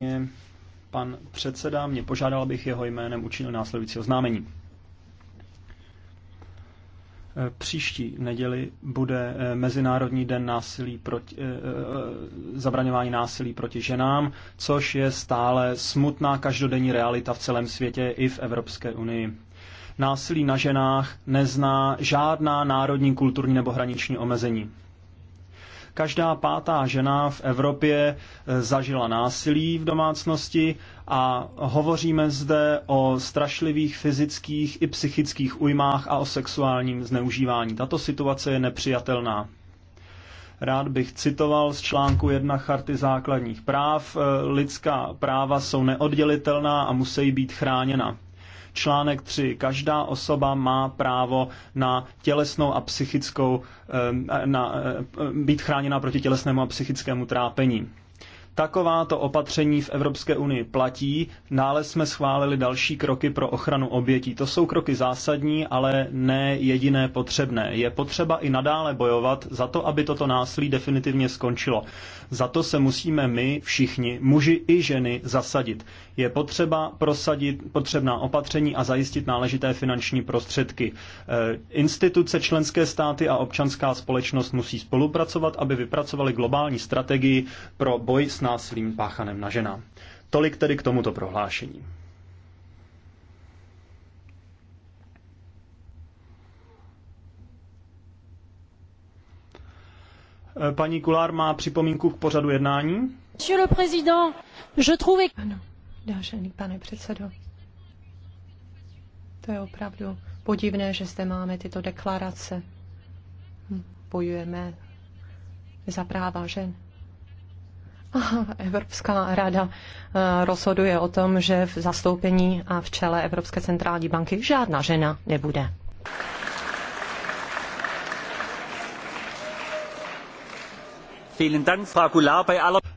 Mě pan předseda mě požádal, abych jeho jménem učinil následující oznámení. E, příští neděli bude e, Mezinárodní den násilí proti, e, zabraňování násilí proti ženám, což je stále smutná každodenní realita v celém světě i v Evropské unii. Násilí na ženách nezná žádná národní, kulturní nebo hraniční omezení. Každá pátá žena v Evropě e, zažila násilí v domácnosti a hovoříme zde o strašlivých fyzických i psychických ujmách a o sexuálním zneužívání. Tato situace je nepřijatelná. Rád bych citoval z článku 1 Charty základních práv. E, lidská práva jsou neoddělitelná a musí být chráněna. Článek 3. Každá osoba má právo na tělesnou a psychickou, eh, na, eh, být chráněna proti tělesnému a psychickému trápení. Takováto opatření v Evropské unii platí. Nález jsme schválili další kroky pro ochranu obětí. To jsou kroky zásadní, ale ne jediné potřebné. Je potřeba i nadále bojovat za to, aby toto násilí definitivně skončilo. Za to se musíme my všichni, muži i ženy, zasadit. Je potřeba prosadit potřebná opatření a zajistit náležité finanční prostředky. E, instituce, členské státy a občanská společnost musí spolupracovat, aby vypracovali globální strategii pro boj s násilím páchaném na ženám. Tolik tedy k tomuto prohlášení. Paní Kulár má připomínku k pořadu jednání. Monsieur le président, je trouve... Ano, vážený pane předsedo. To je opravdu podivné, že zde máme tyto deklarace. Bojujeme za práva žen. Evropská rada eh, rozhoduje o tom, že v zastoupení a v čele Evropské centrální banky žádná žena nebude.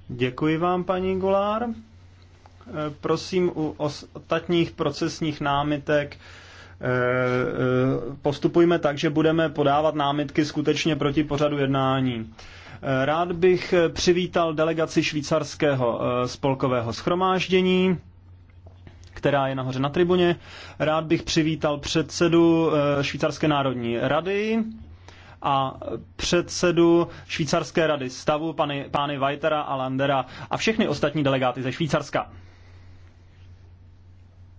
Děkuji vám, paní Gulár. Eh, prosím u ostatních procesních námitek eh, postupujme tak, že budeme podávat námitky skutečně proti pořadu jednání. Rád bych přivítal delegaci švýcarského eh, spolkového schromáždění která je nahoře na tribuně. Rád bych přivítal předsedu eh, Švýcarské národní rady a předsedu Švýcarské rady stavu, pany, pány Weitera a Landera a všechny ostatní delegáty ze Švýcarska.